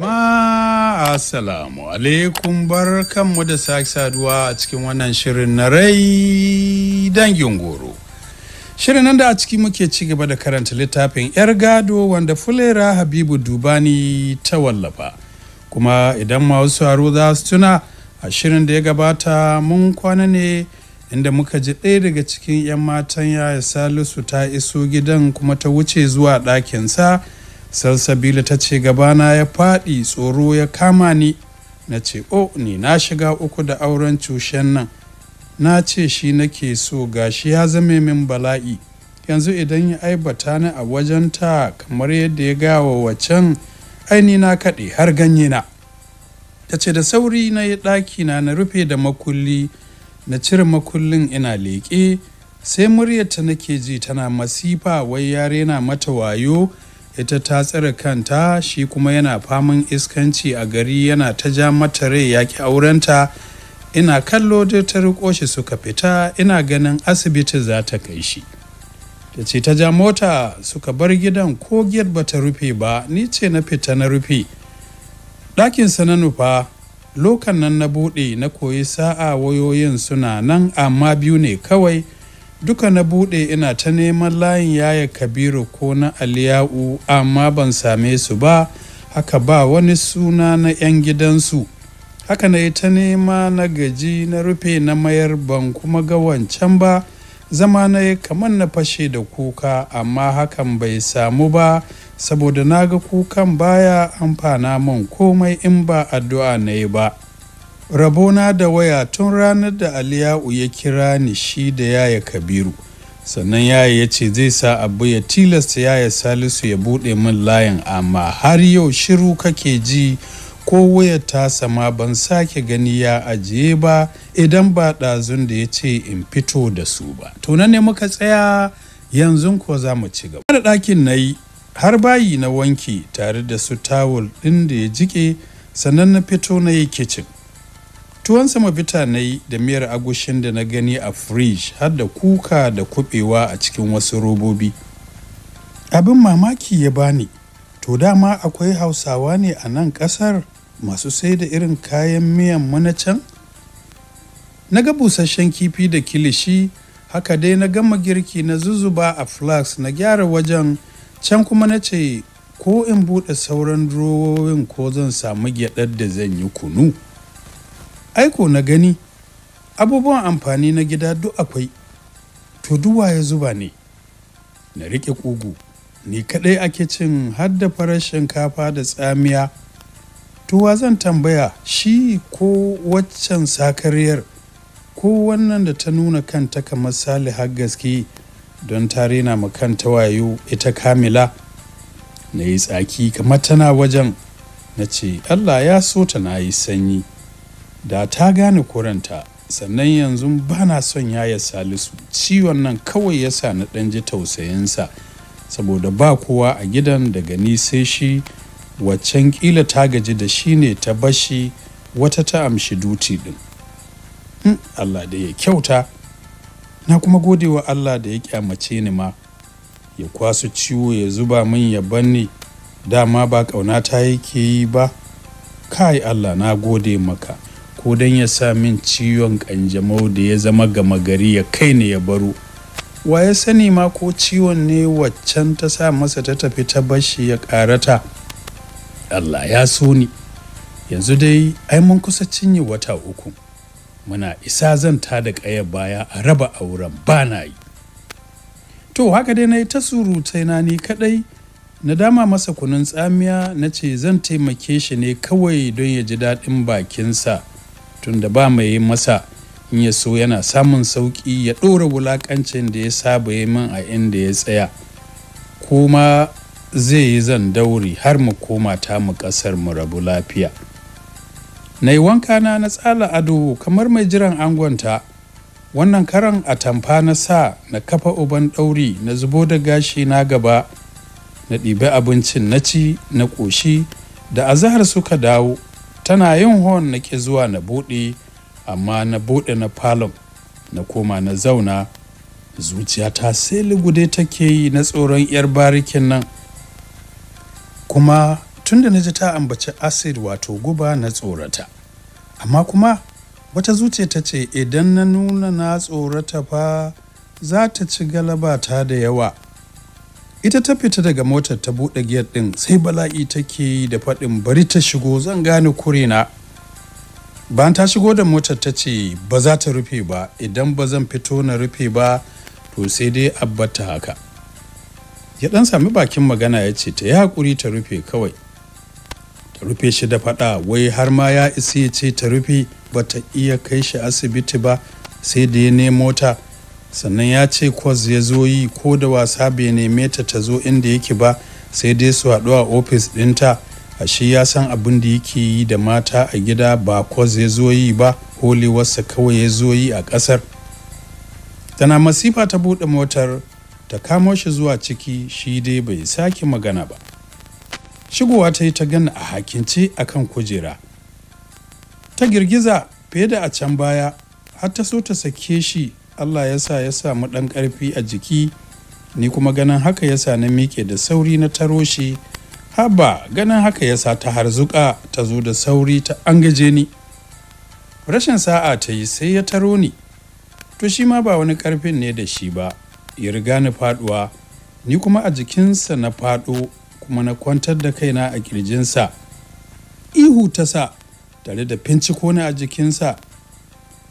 Ma assalamu alaikum bar kanmu da sake saduwa a cikin wannan shirin na rai dangin goro. Shirin nan da a ciki muke ci gaba da karanta littafin 'yar gado wanda fulera Habibu Dubani ta wallafa. Kuma idan ma wasu haro za su tuna a shirin da ya gabata mun kwana ne inda muka ji ɗaya daga cikin 'yan matan ya Salisu ta iso gidan kuma ta wuce zuwa ɗakinsa. sa salsabila ta ce gabana ya faɗi tsoro ya kama ni na ce o ni na shiga uku da auren cushen nan na ce shi nake so gashi ya zame min bala'i yanzu idan ya aibata ni a wajenta kamar yadda ya gawa wacan aini na kaɗe har ganye na ta ce da sauri na yi ɗaki na na rufe da makulli na cire makullin ina leƙe sai muryarta nake ji tana masifa wai yare na mata wayo ita ta tsare kanta shi kuma yana faman iskanci a gari yana ta ja mata rai ya yaƙi aurenta ina kallo da ta riko shi suka fita ina ganin asibiti za ta kai shi ta ce ta ja mota suka bar gidan ko giyar ba ta rufe ba ni ce na fita na rufe ɗakinsa na nufa lokan nan na buɗe na koyi sa'a wayoyin suna nan amma biyu ne kawai duka na bude ina ta neman layin yaya kabiru ko na aliya'u amma ban same su ba haka ba wani suna na 'yan gidansu haka na ta nema na gaji na rufe na mayar ban kuma ga wancan ba zama na yi kamar na fashe da kuka amma hakan bai samu ba saboda na ga kukan baya amfana min komai in ba addu'a na yi ba. rabona da waya tun ranar da aliyu ya kira ni shi da yaya kabiru sannan yaya ya ce zai sa abu ya tilasta yaya salisu ya buɗe min layin amma har yau shiru kake ji ko waya ta sama ban sake gani ya ajiye ba idan ba ɗazun da ya ce in fito da su ba tunan ne muka tsaya yanzu ko za mu ci gaba da ɗakin na yi har bayi na wanki tare da su tawul ɗin da ya jike sannan na fito na yi kicin tuwon sama bita na yi da miyar agushin da na gani a fridge har da kuka da kubewa a cikin wasu robobi abin mamaki ya bani to dama akwai hausawa ne a nan kasar masu sai da irin kayan miyan mana can na ga busasshen kifi da kilishi haka dai na gama girki na zuzuba a flax na gyara wajen can kuma na ce ko in buɗe sauran durowowin ko zan samu gyadar da zan yi kunu aiko na gani abubuwan amfani na gida duk akwai to duwa ya zuba ne na riƙe ƙugu ni kaɗai ake cin har da farar shinkafa da tsamiya tuwa zan tambaya shi ko waccan sakariyar ko wannan da ta nuna kanta kamar har gaske don ta rena ma kanta wayo ita kamila na yi tsaki kamar tana wajen na ce allah ya so ta na yi sanyi da ta gane kuranta sannan yanzu ba na son yaya salisu ciwon nan kawai ya sa na ɗan ji tausayinsa saboda ba kowa a gidan daga ni sai shi waccan ƙila ta gaji da shi ne ta bashi wata ta amshi duti ɗin hmm, allah da ya kyauta na kuma gode wa allah da ya kyamace ni ma ya kwasu ciwo ya zuba min ya banni dama ba ta yake yi ba kai allah na gode maka ko don ya sa min ciwon kanjamau da ya zama gama gari ya kai ne ya baro wa ya sani ma ko ciwon ne waccan ta sa masa ta tafi ta bashi ya karata allah ya so ni yanzu dai ai mun kusa cinye wata uku muna isa zan ta da ƙaya baya a raba auren ba na yi to haka dai na yi ta surutai na ni kaɗai na dama masa kunun tsamiya na ce zan taimake shi ne kawai don ya ji daɗin bakinsa tunda ba mai yi masa in ya so yana samun sauƙi ya ɗora wulaƙancin da ya saba yi min a inda ya tsaya kuma zai yi zan dauri har mu koma ta mu ƙasar mu rabu lafiya na yi wanka na na tsala ado kamar mai jiran angonta wannan karan a tamfa na sa na kafa uban ɗauri na zubo da gashi na gaba na ɗibi abincin na ci na ƙoshi da azahar suka dawo tana yin hon na ke zuwa na buɗe amma na buɗe na falon na koma na zauna zuciyata sai lugude take yi na tsoron yar barikin nan kuma tunda na ji ta ambaci acid wato guba na tsorata amma kuma wata zuciya ta ce idan na nuna na tsorata fa za ta ci galaba ta da yawa ita ta fita daga motar ta buɗe giyar ɗin sai bala'i take yi da faɗin bari ta shigo zan gane kurina bayan ta shigo da motar ta ce ba za ta rufe ba idan ba zan fito na rufe ba to sai dai abbata haka ya ɗan sami bakin magana ya ce ta yi haƙuri ta rufe kawai ta rufe shi da faɗa wai har ma ya isi ya ce ta rufe ba ta iya kai shi asibiti ba sai da ne mota. sannan ya ce kwas ya zo yi ko da wasa bai neme ta ta zo inda yake ba sai dai su haɗu a ofis ɗinta a shi ya san abin da yake yi da mata a gida ba kwas ya zo yi ba holewarsa kawai ya zo yi a ƙasar tana masifa ta buɗe motar ta kamo shi zuwa ciki shi dai bai sake magana ba shigowa ta yi ta gana a hakince akan kujera ta girgiza fiye da a can baya har ta so ta sake shi allah ya sa ya samu ɗan ƙarfi a jiki ni kuma ganin haka ya sa na miƙe da sauri na taro shi haba ganin haka ya sa ta harzuka ta zo da sauri ta an gaje ni rashin sa'a ta yi sai ya taro ni to shi ma ba wani ƙarfin ne da shi ba ya riga ni faɗuwa ni kuma a jikinsa na faɗo kuma na kwantar da kaina a ƙirjinsa ihu ta sa tare da finciko ni a jikinsa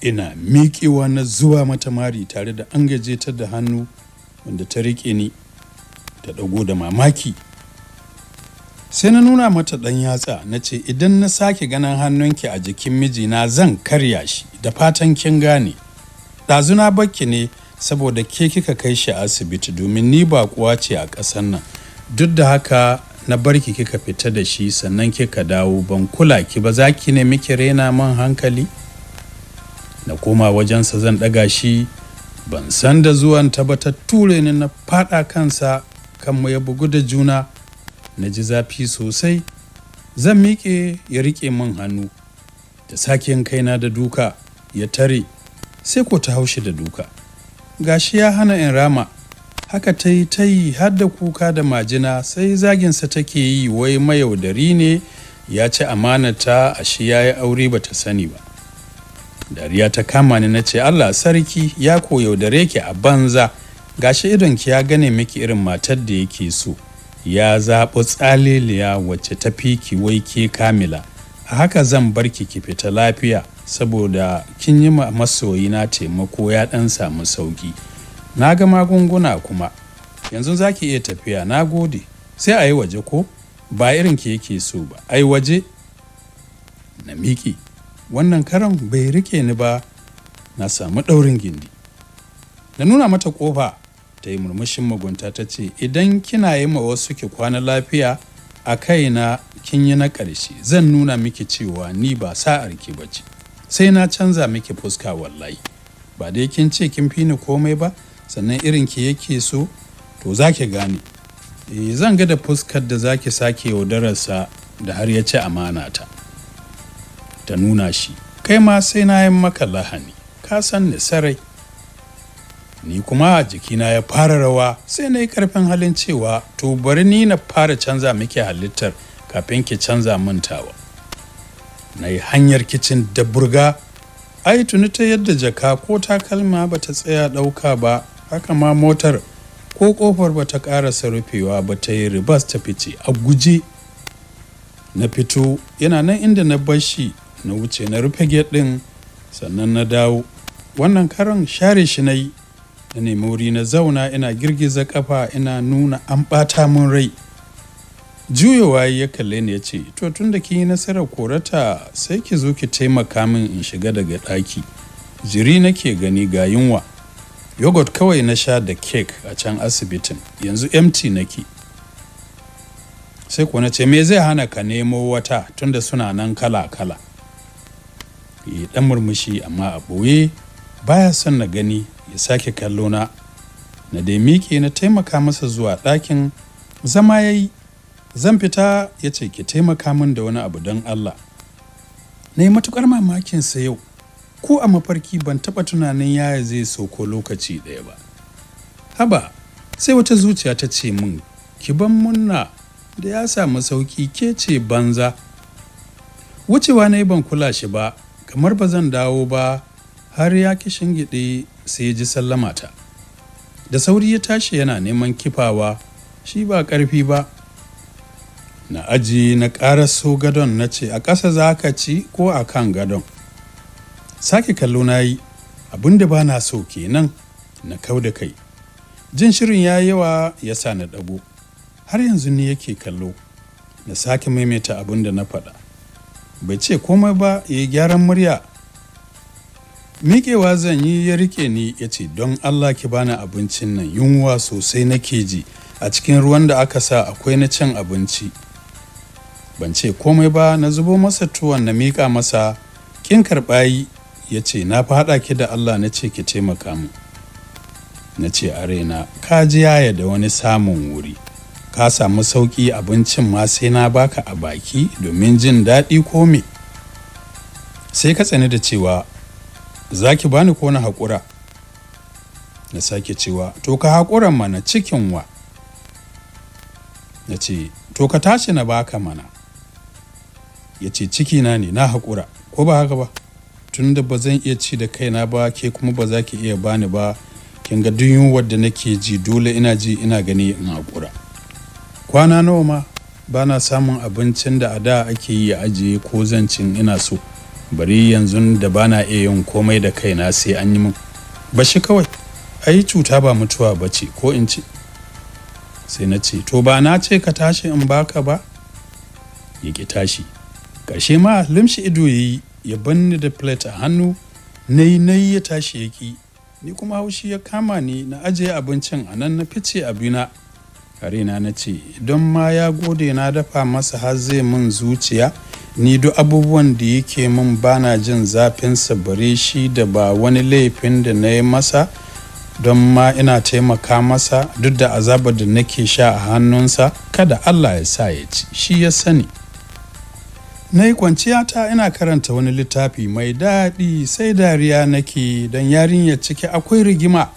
ina miƙewa na zuwa mata mari tare da an gaje da hannu wanda ta riƙe ni ta ɗago da mamaki sai na nuna mata ɗan yatsa na ce idan na sake ganin hannunki a jikin mijina zan karya shi da fatan kin gane ɗazuna bakki ne saboda ke kika kai shi a asibiti domin ni ba kuwa ce a ƙasan nan duk da haka na barki kika fita da shi sannan kika dawo ban kula ki ba za ki ne miki rena man hankali na koma wajensa zan daga shi ban san da zuwan tabbata ture ni na faɗa kansa kan mu ya bugu da juna na ji zafi sosai zan miƙe ya riƙe min hannu da sakin kaina da duka ya tare sai ko ta haushi da duka gashi ya hana in rama haka ta yi ta yi har da kuka da majina sai zaginsa take yi wai mayaudari ne ya ci amanata ashe ya yi aure bata sani ba dariya ta kama ni na ce allah sarki ya koyaudare ki a banza gashi idonki ya gane miki irin matar da yake so ya zaɓi tsaliliya wacce ta fi ki wai ke kamila a haka zan bar ki ki fita lafiya saboda kin yi masoyina taimako ya ɗan samu sauƙi na ga magunguna kuma yanzu za ki iya tafiya na gode sai a yi waje ko ba irin ki yake so ba ai waje na miki wannan karan bai rike ni ba na samu ɗaurin gindi na nuna mata ƙofa ta yi murmushin magunta ta ce idan kina yi ma wasu ki kwana lafiya a kaina kin yi na ƙarshe zan nuna miki cewa ni ba sa sa'ar ba bace sai na canza miki fuska wallahi ba dai kin ce kin fi ni komai ba sannan irin ki yake so to za ki gane eh, zan ga da fuskar da za ki sake yaudararsa da har ya ci amana ta ta nuna shi kai ma sai na yi maka lahani ka san ni sarai ni kuma jikina ya fara rawa sai na yi karfin halin cewa to bari ni na fara canza miki halittar kafin ki canza mintawa na yi hanyar kicin da burga ai tuni ta yadda jaka ko takalma ba ta tsaya ɗauka ba haka ma motar ko ƙofar ba ta ƙarasa rufewa ba ta yi ribas ta fice a guje na fito yana nan inda na bar shi na wuce na rufe gate ɗin sannan na dawo wannan karon share shi na yi na nemi wuri na zauna ina girgiza kafa ina nuna an ɓata min rai juyowa ya kalle ni ya ce to tun da kin yi nasarar korata sai ki zo ki taimaka min in shiga daga ɗaki jiri nake gani ga yunwa yogurt kawai na sha da kek a can asibitin yanzu empty nake sai kuwa na ce me zai hana ka nemo wata tunda suna nan kala-kala ya dan murmushi amma a ɓoye baya son na gani ya sake kallo na na dai miƙe na taimaka masa zuwa ɗakin zama ya yi zan fita ya ce ki taimaka min da wani abu don allah na yi matukar mamakinsa yau ko a mafarki ban taɓa tunanin yaya zai sauko lokaci ɗaya ba haba sai wata zuciya ta ce min ki ban munna da ya samu sauƙi ke ce banza wucewa na yi ban kula shi ba kamar ba zan dawo ba har ya ki shingiɗe sai ya ji sallama ta da sauri ya tashi yana neman kifawa shi ba ƙarfi ba na aji na ƙaraso gadon na ce a ƙasa za ka ci ko a kan gadon sake kallo na yi abin da ba na so kenan na kau da kai jin shirin ya yawa ya sa na ɗago har yanzu ne yake kallo na sake maimaita abin da na faɗa bai ce komai ba ya yi gyaran murya miƙewa zan yi ya rike ni ya ce don allah ki bani abincin nan yunwa sosai na keji, a cikin ruwan da aka sa akwai na cin abinci ban ce komai ba na zubo masa tuwon na miƙa masa kin karɓayi ya ce na haɗa ki da allah na ce ki taimaka mu na ce arena ka ji yaya da wani samun wuri ka samu sauƙi abincin ma sai na baka a baki domin jin daɗi ko me sai ka tsani da cewa za ki bani ko na haƙura na sake cewa to ka haƙuran mana cikin wa na ce to ka tashi na baka mana ya ce cikina ne na haƙura ko ba haka ba tun da ba zan iya ci da kaina ba ke kuma ba za ki iya bani ba kin ga duk yunwar da nake ji dole ina ji ina gani in haƙura kwana nawa ma ba na samun abincin da a da ake yi a ajiye ko zancin ina so bari yanzu da ba na iya yin komai da kaina sai an yi min Ba shi kawai A yi cuta ba mutuwa ba ce ko in ce sai na ce to ba na ce ka tashi in baka ba ya ki tashi ƙarshe ma limshi ido ya yi ya banni da plate a hannu na yi na yi ya tashi ya ki ni kuma haushi ya kama ni na ajiye abincin a nan na fice abina karina na ce don ma ya gode na dafa masa har zai min zuciya ni duk abubuwan da yake min bana jin zafin bare shi da ba wani laifin da na yi masa don ma ina taimaka masa duk da azabar da nake sha a hannunsa kada allah ya sa ya ci shi ya sani na yi kwanciyata ina karanta wani littafi mai daɗi sai dariya nake don yarinyar ciki akwai rigima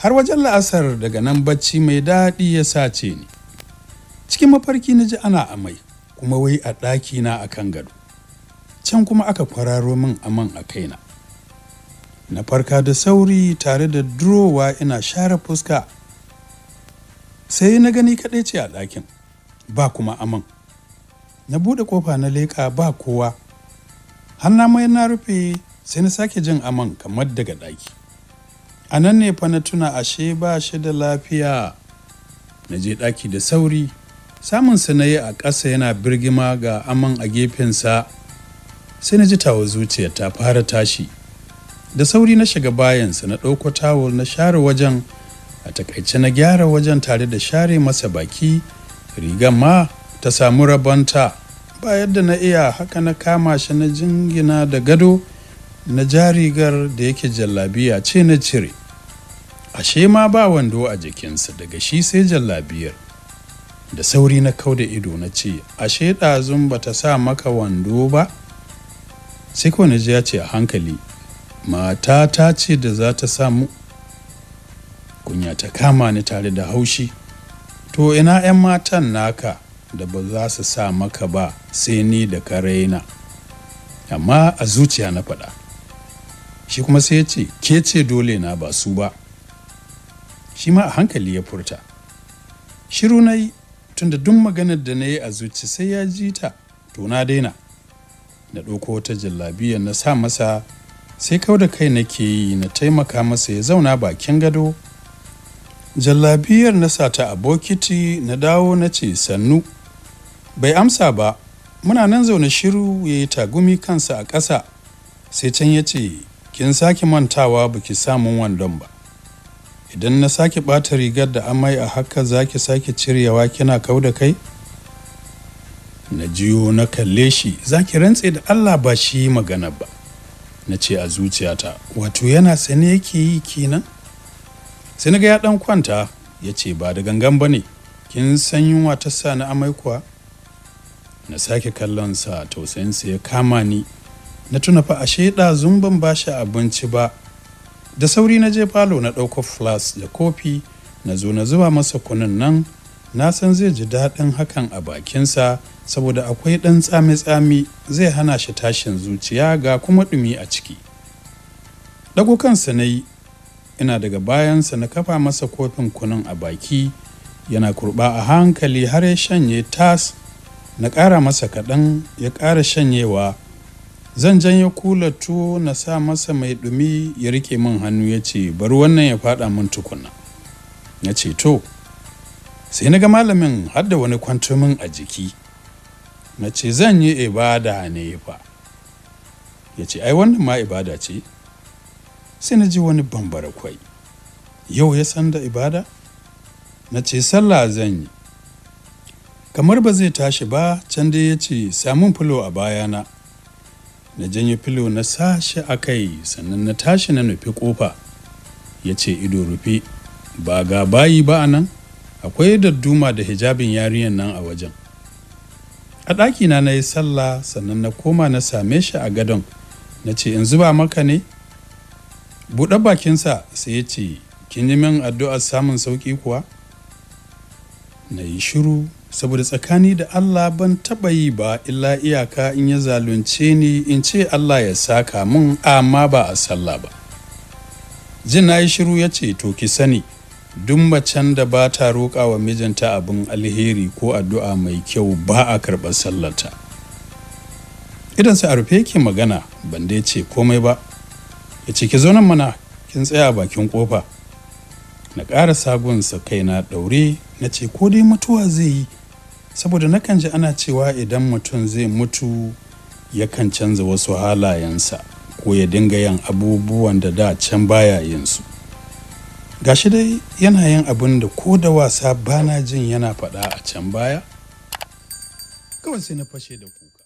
har wajen la'asar daga nan bacci mai daɗi ya sace ni cikin mafarki na ji ana amai kuma wai a ɗaki na a kan gado can kuma aka kwararo min aman a kaina na farka da sauri tare da durowa ina share fuska sai na gani kaɗai ce a ɗakin ba kuma aman na buɗe ƙofa na leƙa ba kowa hannama mai na rufe sai na sake jin aman kamar daga ɗaki a nan ne fa na tuna ashe ba shi da lafiya na je ɗaki da sauri samunsa na yi a ƙasa yana birgima ga aman a gefensa sai na ji tawa zuciya ta fara tashi da sauri na shiga bayansa na ɗauko tawul na share wajen a takaice na gyara wajen tare da share masa baki rigan ma ta samu rabonta ba yadda na iya haka na kama shi na jingina da gado na ja rigar da yake jallabiya ce na cire ashe ma ba wando a jikinsa daga shi sai jallabiyar da sauri na kau da ido na ce ashe ɗazun ba ta sa maka wando ba sai kawai ji ce a hankali mata ta ce da za ta samu kunya ta kama ni tare da haushi to ina 'yan matan naka da ba za su sa maka ba sai ni da ka raina amma a zuciya na faɗa shi kuma sai ya ce ke ce dole na ba su ba shi ma a hankali ya furta shiru na yi tunda duk maganar da na yi a zuci sai ya ji ta to na daina na ɗauko wata jallabiya na sa masa sai kau da kai nake yi na taimaka masa ya zauna bakin gado jallabiyar na sa ta a bokiti na dawo na ce sannu bai amsa ba muna nan zaune shiru ya yi tagumi kansa a ƙasa sai can ya ce kin sake mantawa ki samun wandon ba idan na sake ɓata rigar da amai a haka zaki sake cirewa kina kau da kai na jiyo na kalle shi zaki rantse da allah ba shi magana ba na ce a zuciyata wato yana sane yake yi kenan sai naga ya dan kwanta ya ce ba da gangan ba ne kin san yunwa ta sa na amai kuwa na sake kallon sa tausayinsa ya kama ni na tuna fa ashe da zumban ba shi abinci ba da sauri na je falo na ɗauko flas da kofi na zo na zuba masa kunun nan na san zai ji daɗin hakan a bakinsa saboda akwai ɗan tsami-tsami zai hana shi tashin zuciya ga kuma ɗumi a ciki ɗago kansa na yi ina daga bayansa na kafa masa kofin kunun a baki yana kurɓa a hankali har ya shanye tas na ƙara masa kaɗan ya ƙara shanyewa zan janyo kula tuwo na sa masa mai ɗumi ya rike min hannu ya ce bari wannan ya faɗa min tukuna na ce to sai na ga malamin har da wani kwantumin a jiki na ce zan yi ibada ne fa ya ce ai wannan ma ibada ce sai na ji wani bambara kwai yau ya san da ibada na ce sallah zan yi kamar ba zai tashi ba can dai ya ce samun fulo a bayana na janyo filo na sashi a kai sannan na tashi na nufi kofa ya ce ido rufe ba ga bayi ba a nan akwai darduma da hijabin yarinyar nan a wajen a ɗakina na yi sallah sannan na koma na same shi a gadon na ce in zuba maka ne buɗe bakinsa sai ya ce kin yi min addu'ar samun sauƙi kuwa na yi shiru saboda tsakani da Allah ban taɓa yi ba illa iyaka in ya zalunce ni in ce Allah ya saka mun amma ba a sallah ba jin na yi shiru ya ce to ki sani duk macen da ba ta roƙa wa mijinta abin alheri ko addu'a mai kyau ba a karɓar sallarta idan sai a rufe yake magana ban dai ce komai ba ya ce ki zo nan mana kin tsaya a bakin kofa na ƙara sagunsa kaina ɗaure na ce ko dai mutuwa zai yi saboda nakan ji ana cewa idan mutum zai mutu yakan canza wasu halayensa ko ya dinga yin abubuwan da da can baya yin su gashi dai yana yin abin da ko da wasa bana jin yana faɗa a can baya kawai sai na fashe da kuka